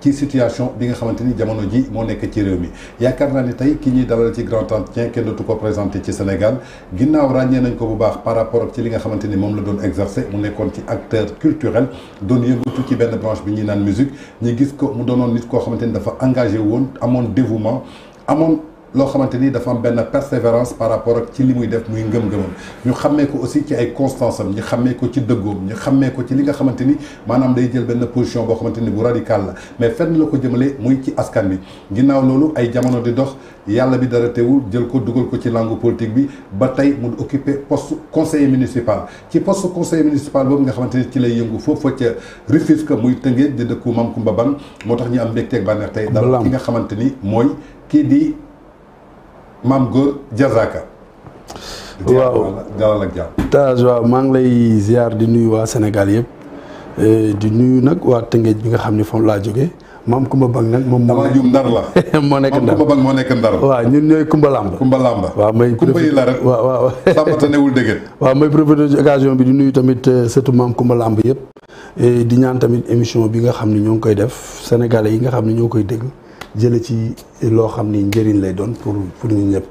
ci situation bi nga xamanteni jamono ji mo nek ci réew mi yaakaar naa ne tey ki ñuy dalal ci grand entretien kenn dootu ko présenté ci Sénégal ginnaw ràññee nañ ko bu baax par rapport ak ci li nga xamanteni mom la doon exercer mu nekkoon ci acteur culturel doon yëngatu ci benn branche bi ñi naan musique ñi gis ko mu donon nit ko xamanteni dafa engagé woon amoon dévouement amoon loo xamante ni dafa am benn persévérance par rapport ak ci li def muy ngëm-ngëmam ñu xammee ko aussi ci ay constance am ñu xammee ko ci dëggoom ñu xammee ko ci li nga xamante ni maanaam day jël benn position boo xamante bu radical la mais fenn la ko jëmale muy ci askan bi ginnaaw loolu ay jamono di dox yàlla bi dara teewul jël ko dugal ko ci langue politique bi ba tey mu occupé poste conseiller municipal ci poste conseiller municipal boobu nga xamante ni ci lay yëngu foofu ca Rufisque muy tëngee di dëkku Mame Coumba Bane moo tax ñu am mbégteeg bànneex tey dal ki nga xamante ni mooy di maam góor jazaka waaw dalal ak jàmm Tange maa ngi lay ziar di nuyu waa Sénégal yëpp eh, di nuyu nag waa Tëngéej bi nga xam ni foofu laa jógee maam Kumba Bang nag moom moo nekk ndar moo nekk ndar Kumba Bang moo nekk ndar waaw ñun ñooy Kumba Lamba Kumba Lamba waaw may Kumba yi la rek waaw may profité ci occasion bi di nuyu tamit eh, surtout maam Kumba Lamba yëpp eh, di ñaan tamit émission bi nga xam ne ñoo ngi koy def Sénégalais yi nga xam ne ñoo koy déglu jële ci loo xam ni njëriñ lay doon pour pour ñu ñëpp.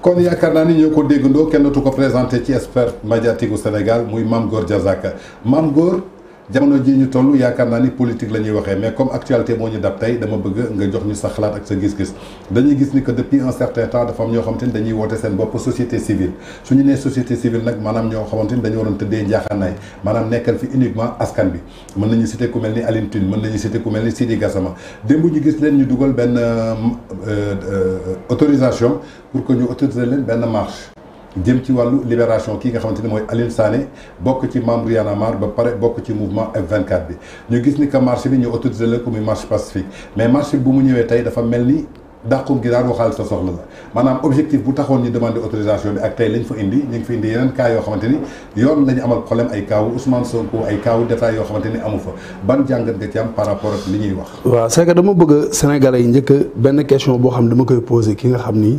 kon yaakaar naa ni ñoo ko dégg ndoo kennatu ko présenté ci expert médiatique u Sénégal muy Mame Gor Diazaka Mame Gor jamono jii ñu tollu yaakaar naa ni politique la ñuy waxee mais comme actualité moo ñu dab tey dama bëgg nga jox ñu sa xalaat ak sa gis-gis dañuy gis ni que depuis un certain temps dafa am ñoo xamante ni dañuy woote seen bopp société civile suñu ñu nee société civile nak maanaam ñoo xamante ni dañu waroon tëddee njaaxaanaay maanaam nekkal fi uniquement askan bi mën nañu cité ku mel ni Alioune Tine mën nañu cité ku mel ni Sidi gasama démb ñu gis leen ñu dugal benn euh, euh, autorisation pour que ñu autoriser leen benn marche dem ci walu libération ki nga xamanteni moy mooy Sané bok ci membre Y'en a marre ba paré bok ci mouvement F24 bi ñu gis ni ka marché bi ñu autorisé le comme une marche pacifique mais marché bu mu ñëwé tay dafa melni ni gi daan waxal sa soxla la objectif bu taxoon ñu demander autorisation bi ak tay lañ fa indi ñu fi indi yeneen cas yo xamanteni yoon lañu amal problème ay kaawu Ousmane Sonko ay kaawu détail yo xamanteni amu fa ban jàngat nga ci am par rapport ak li ñuy wax. wa c'est que dama bëgg Sénégalais yi njëkk ben question bo xam dama koy poser ki nga xamni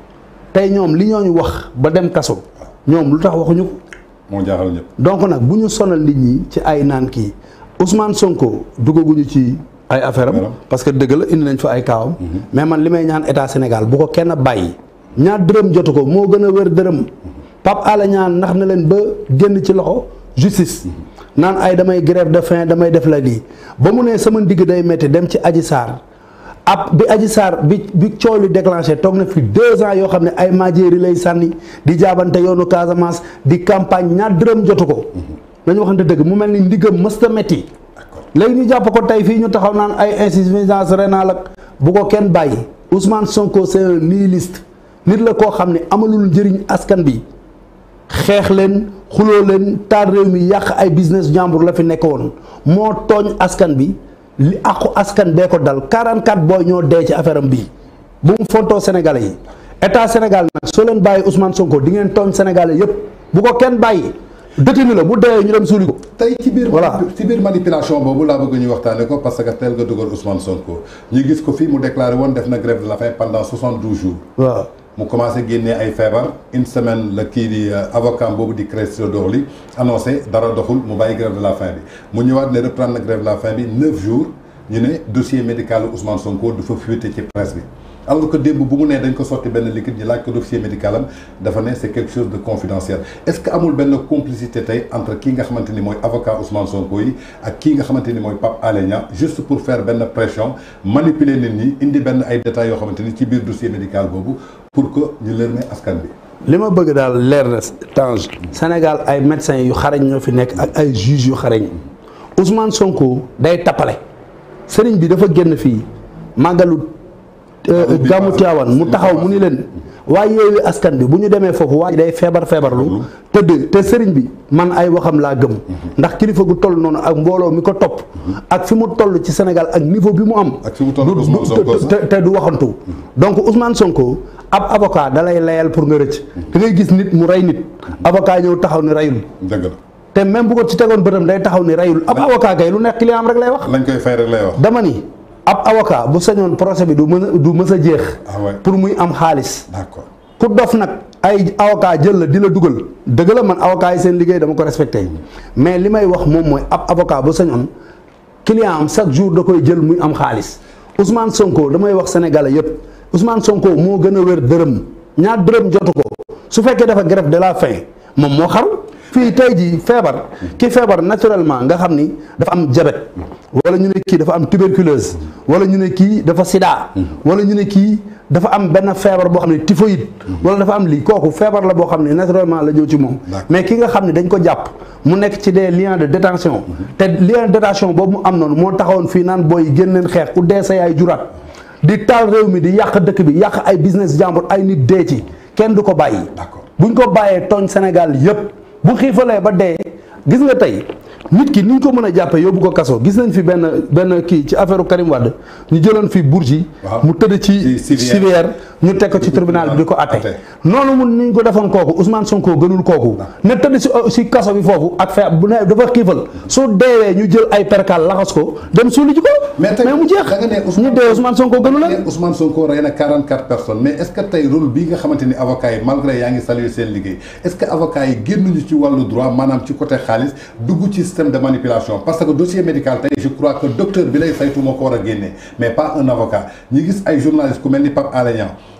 tey ñoom li ñooñu wax ba dem kaso ñoom lu tax waxuñu ko. moo jaaxal ñëpp donc nag bu ñu sonal nit ñi ci ay naan kii Ousmane Sonko duggaguñu ci ay affaire am. parce que dëgg la indi nañ fa ay kaawam. Mhm. mais man li may ñaan état Sénégal bu ko kenn bàyyi. ñaar dërëm jotu ko moo gën a wér dërëm. Pape Alé Niang nax na leen ba génn ci loxo justice. Mhm. naan ay damay grève de faim damay def la lii ba mu ne sama ndigg day métti dem ci aji Sarr. ab bi Adji Sarr bi bi coow li déclenché toog na fi deux ans yoo xam ne ay maajeeri lay sànni di jaabante yoonu Casamance di campagne ñaar dërëm jotu ko mhm. nañu te dëgg mu mel ni ndiggam mësta metti léegi ñu jàpp ko tey fii ñu taxaw naan ay insuffisance rénale ak bu ko kenn bàyyi Ousmane Sonko c'est un nihiliste nit la koo xam ne amalul njëriñ askan bi xeex leen xuloo leen taal réew mi yàq ay business jàmbur la fi nekk woon moo tooñ askan bi li àqu askan bee ko dal 44 booy ñoo dee ci affaire am bii bu mu fontoo Sénégalais yi état Sénégal nag soo leen bàyyi Ousmane Sonko di ngeen tooñ Sénégalais yëpp bu ko kenn bàyyi détenu la bu dee ñu dem suuli ko. tey ci biir voilà ci biir manipulation boobu laa bëgg ñu waxtaane ko parce que teel nga dugal Ousmane Sonko ñu gis ko fii mu déclaré woon def na grève de la faim pendant 72 jours. waaw mu commencé gagner ay fièvre une semaine le kii di euh, avocat bobu di Crescio Dorli annoncé dara doxul mu baye grève de la faim bi mu ñëwaat né reprendre la grève de la faim bi 9 jours ñu né dossier médical Ousmane Sonko du fa fuité ci presse bi alors que des bu mu né dañ ko sorti ben liquide ñu dossier médical am dafa né c'est quelque chose de confidentiel est ce que amul ben complicité tay entre Kinga nga xamanteni moy avocat Ousmane Sonko yi ak ki nga xamanteni moy Pape Alé juste pour faire la pression manipuler nit ñi indi ben ay détails yo xamanteni ci biir dossier médical bobu pour que ñu leer may askan bi. lima bëgg daal leer na Tange Sénégal ay médecins yu xarañ ñoo fi nekk ak ay juges yu xarañ Ousmane Sonko day tapalé sëriñ bi dafa génn fii Euh, gàmmu Tiwaawan mu taxaw mu ni leen waaye yeewi askan bi bu ñu demee foofu waa day feebar feebarlu tëdd te sëriñ bi man ay waxam laa gëm mhm. ndax kilifa gu toll noonu ak mbooloo mi ko topp mhm. ak fi mu toll ci Sénégal ak niveau bi mu am te du waxantu mhm. donc Ousmane Sonko ab avocat dalay layal pour nga rëcc da ngay gis nit mu rey nit avocat ñëw taxaw ni reyul dëgg te même bu ko ci tegoon bëtam day taxaw ni reyul ab avocat kay lu nekk client am rek lay wax lañ koy rek lay wax dama ni ab avocat bu sañoon procès bi du mën du mës a jeex. Ah pour muy am xaalis. d'accord ku dof nag ay avocat jël la di la dugal dëgg la man avocat yi seen liggéey dama ko respecté mais li may wax moom mooy ab avocat bu sañoon client am chaque jour da koy jël muy am xaalis Ousmane Sonko damay wax sénégalais yépp Ousmane Sonko moo gën a wér dërëm ñaar dërëm jotu ko su fekkee dafa grève de la faim moom moo xaru fii tey ji feebar ki feebar naturellement nga xam ni dafa am jabet wala ñu ne kii dafa am tuberculose wala ñu ne kii dafa sida wala ñu ne kii dafa am benn feebar boo xam ne typhoïde wala dafa am lii kooku feebar la boo xam ne naturellement la ñëw ci moom mais ki nga xam ne dañ ko jàpp mu nekk ci des liens de détention te lien de boobu mu am noonu moo taxawoon fii naan booy génn leen xeex ku dee sa yaay juraat di taal réew mi di yàq dëkk bi yàq ay business jàmbur ay nit dee ci kenn du ko bàyyi buñ ko bàyyee tooñ Sénégal yépp bu xiifalee ba dee gis tey nit ki ni ñu ko mën a jàppee yóbbu ko kaso gis nañ fi benn benn kii ci affaire Karim Wade ñu jëloon fi Bourgi mu tëdd ci civière ñu teg ci tribunal bi ko até nonu mu ni ñu ko defoon koku Ousmane Sonko gënul koku ah. ne tëdd ci si euh, kasso bi fofu ak fa bu ne dafa kifal su déwé ñu jël ay percal laxas ko dem suuli ci ko mais mu jeex ñu dé Ousmane Sonko gënul la Ousmane Sonko rey na 44 personnes mais est ce que tay rôle bi nga xamanteni avocat yi malgré yaangi saluer sen liguey est ce que avocat yi gënnu ñu ci walu droit manam ci côté xaliss duggu ci système de manipulation parce que dossier médical tay je crois que docteur bi lay saytu moo ko war mais pas un avocat ñi gis ay journaliste ku melni ni Pape Alé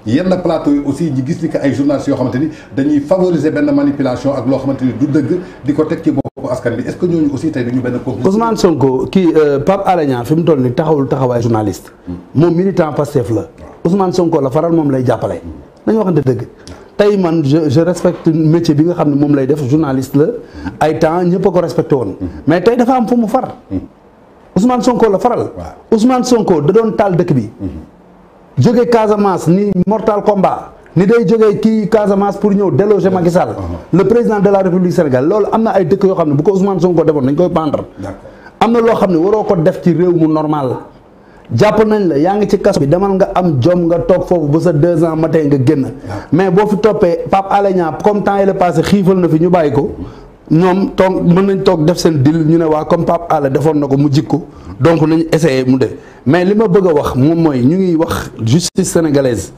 yenn plateau yi aussi ñi gis ni que ay journalistes yoo xamante ni dañuy favoriser benn manipulation ak loo xamante ni du dëgg di ko teg ci boppu askan bi est-ce que ñooñu aussi tey dañu benn complice. Ousmane Sonko kii euh, Pape Alé Niang fi mu toll ni taxawul taxawaay journaliste. Hmm. moom militant Pastef la. Hmm. Ousmane Sonko la faral moom lay jàppale. Hmm. nañu waxante dëgg. tey man je je respecte métier bi nga xam ne moom lay def journaliste la ay temps ñëpp a ko respecté woon. mais tey dafa am fu mu far. Ousmane Sonko la faral. Ousmane Sonko da doon taal dëkk bi. jóge Casamance ni mortal combat ni day jógee kii Casamance pour ñëw déloger Macky Sall uh-huh. le président de la République Sénégal loolu amna ay dëkk yo xamné bu ko Ousmane Sonko défon dañ koy pandre amna lo xamné xam ko def ci réew mu normal japp nañ la yaangi ci kaso bi demal nga am jom nga tok fofu bu sa 2 ans matin nga genn mais bo fi topé pap Alé comme temps il est passé xifal na fi ñu bayiko ñoom toog mën nañ toog def seen dil ñu ne waa comme Pape Alé defoon na ko mu jikko donc nañu essayé mu def mais li ma bëgg a wax moom mooy ñu ngi wax justice sénégalaise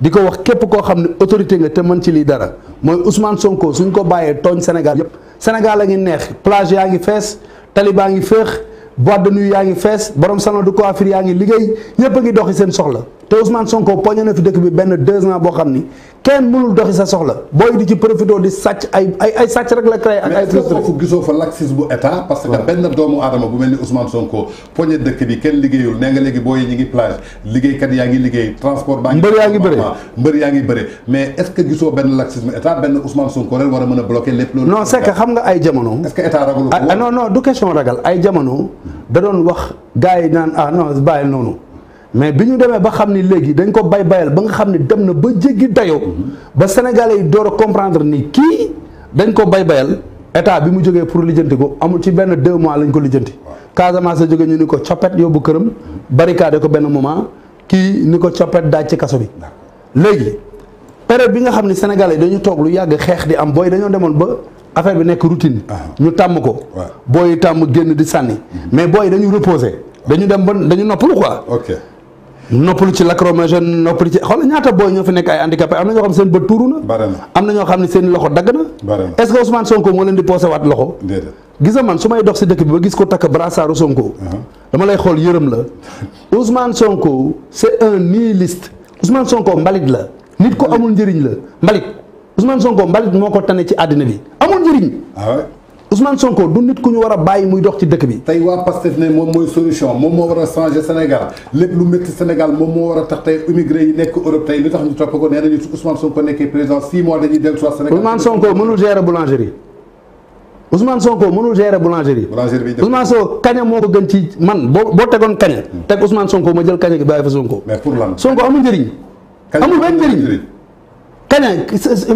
di ko wax képp koo xam ne autorité nga te mën ci lii dara mooy Ousmane Sonko suñ ko bàyyee tooñ Sénégal yëpp Sénégal a ngi neex plage yaa ngi fees talibaa ngi féex boîte de nuit yaa ngi fees borom salon de coiffure yaa ngi liggéey ñëpp a ngi doxi seen soxla te Ousmane Sonko poñe na fi dëkk bi benn deux ans boo xam ni kenn mënul doxi sa soxla booy di ci profité di sàcc ay ay sàcc rek la créé ay foofu gisoo fa laxisme bu état parce que benn doomu aadama bu mel ni Ousmane Sonko poñe dëkk bi kenn liggéeyul nee nga léegi booy ñi ngi plage liggéeykat yaa ngi liggéey transport baa ngi mbër yaa ngi bëri ngi bëri mais est que gisoo benn laxisme état benn Ousmane Sonko rek war a mën a bloqué lépp loolu non c'est xam nga ay jamono est ce que état ragalul ah, ah, non du question ragal ay jamono da doon wax gars yi naan ah non noonu mais bi ñu demee ba xam ni léegi dañ ko bay bayal ba nga xam ni dem na ba jéggi dayoo ba sénégalais yi door comprendre ni kii dañ ko bay bayal état bi mu jógee pour lijjanti ko amul ci benn deux mois lañ ko lijjanti Casamance jóge ñu ni ko coppet yóbbu këram barricade ko benn moment kii ni ko coppet daaj ci kaso bi léegi période bi nga xam ne sénégalais yi dañu toog lu yàgg xeex di am booy dañoo demoon ba affaire bi nekk routine ah. ñu tàmm ko booy tàmm génn di sànni mm-hmm. mais booy dañu reposé dañu dem ba dañu noppalu quoi noppalu ci lacrymogène noppalu ci xool ñaata booy ñoo fi nekk ay handicapé am na ñoo xam seen bët tuuru na am na ñoo xam ne seen loxo dagg na est-ce que Ousmane Sonko moo leen di posé waat loxo gisa man su may dox si dëkk bi ba gis ko takk brassaaru Sonko uh-huh. dama lay xool yërëm la Ousmane Sonko c'est un nihiliste Ousmane Sonko mbalit la nit ko amul njëriñ la mbalit Ousmane Sonko mbalit moo ko tane ci àddina bi amul njëriñ ah Ousmane Sonko du nit ku ñu war a bàyyi muy dox ci dëkk bi. tey waa Pastef ne moom mooy solution moom moo war a changer Sénégal lépp lu métti Sénégal moom moo war a tax tey immigré yi nekk Europe tey li tax ñu topp ko nee nañu su Ousmane Sonko nekkee président 6 mois dañuy dellu soit Sénégal. Ousmane Sonko mënul gérer boulangerie Ousmane Sonko mënul gérer boulangerie. boulangerie Sonko kaña moo ko gën ci man boo boo tegoon kaña. teg Ousmane Sonko ma jël kaña gi bàyyi mais pour lan Sonko kaña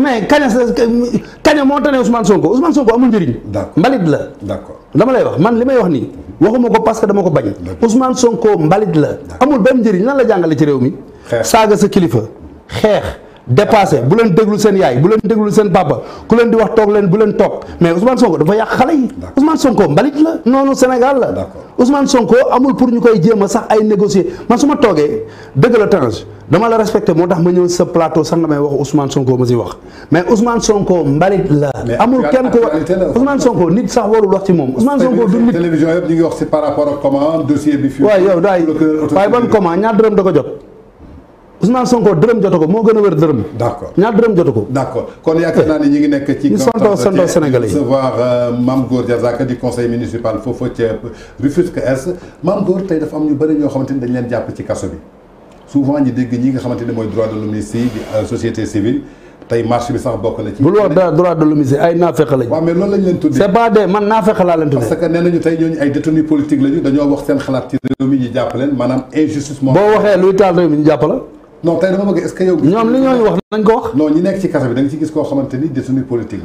mais kaña kaña moo tane Ousmane Sonko Ousmane Sonko amul njëriñ. mbalit la. d'accord dama lay wax man li may wax nii waxuma ko parce que dama ko bañ. Ousmane Sonko mbalit la. amul benn njëriñ lan la jàngale ci réew mi. saaga sa kilifa xeex. dépassé bu len déglu sen yaay bu len déglu sen papa ku len di wax tok len bu len tok mais Ousmane Sonko dafa yak xalé yi Ousmane Sonko mbalit la nonu Sénégal la Ousmane Sonko amul pour ñukoy jema sax ay négocier man suma togué toogee la tanse dama la respecter motax ma ñew sa plateau sax nga wax Ousmane Sonko ma ci wax mais Ousmane Sonko mbalit la amul kenn ko Ousmane Sonko nit sax warul wax ci mom Ousmane Sonko du nit télévision yëpp ñi ngi wax ci par rapport ak comment dossier bi fi waaw yow day bay ban comment ñaar dërëm da ko jot Ousmane Sonko dërëm jotu ko moo gën a wér dërëm. ñaar dërëm jotu ko. d' kon yaakaar naa ni ñu ngi nekk ci. ñu santoo santoo yi recevoir euh, Mame Gor euh, Diazaka di conseil municipal foofu ca Rufisque Est Mame Gor tey dafa am ñu bëri ñoo xamante ni leen jàpp ci kaso bi souvent ñi dégg ñi nga xamante ni droit de l'homme si di euh, société civile tey marche bi sax bokk na ci. bul wax droit de l'homme ay naafeq lañu. c'est pas des man naafeq laa leen tuddee. parce non tey dama bëgg est-ce que yow. ñoom li ñooñu wax nañ ko wax.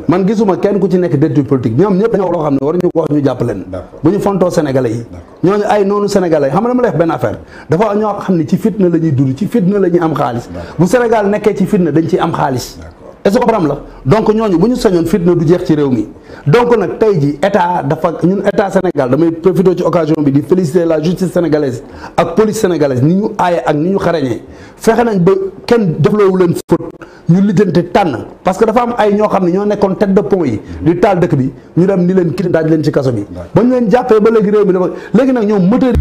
man gisuma kenn ku ci nekk détenu politique ñoom ñëpp dañoo loo xam ne waruñu ko wax ñu jàpp leen. bu ñu fontoo sénégalais yi. ñooñu ay noonu sénégalais yi xam nga dama lay wax benn affaire dafa ñoo xam ne ci fitna la ñuy dund ci fitna la ñuy am xaalis. bu Sénégal nekkee ci fitna dañ ciy am xaalis. est-ce que comprendre la donc ñooñu bu ñu sañoon fitna du jeex ci réew mi donc nag tey ji état dafa ñun état Sénégal damay profité ci occasion bi di féliciter la justice sénégalaise ak police sénégalaise ni ñu aaye ak ni ñu xarañee fexe nañ ba kenn def defloowu leen faute ñu lijjante tànn parce que dafa am ay ñoo xam ne ñoo nekkoon tête de pont yi di taal dëkk bi ñu dem ni leen kii daaj leen ci kaso bi ba ñu leen jàppee ba léegi réew mi dafa léegi nag ñoom moteur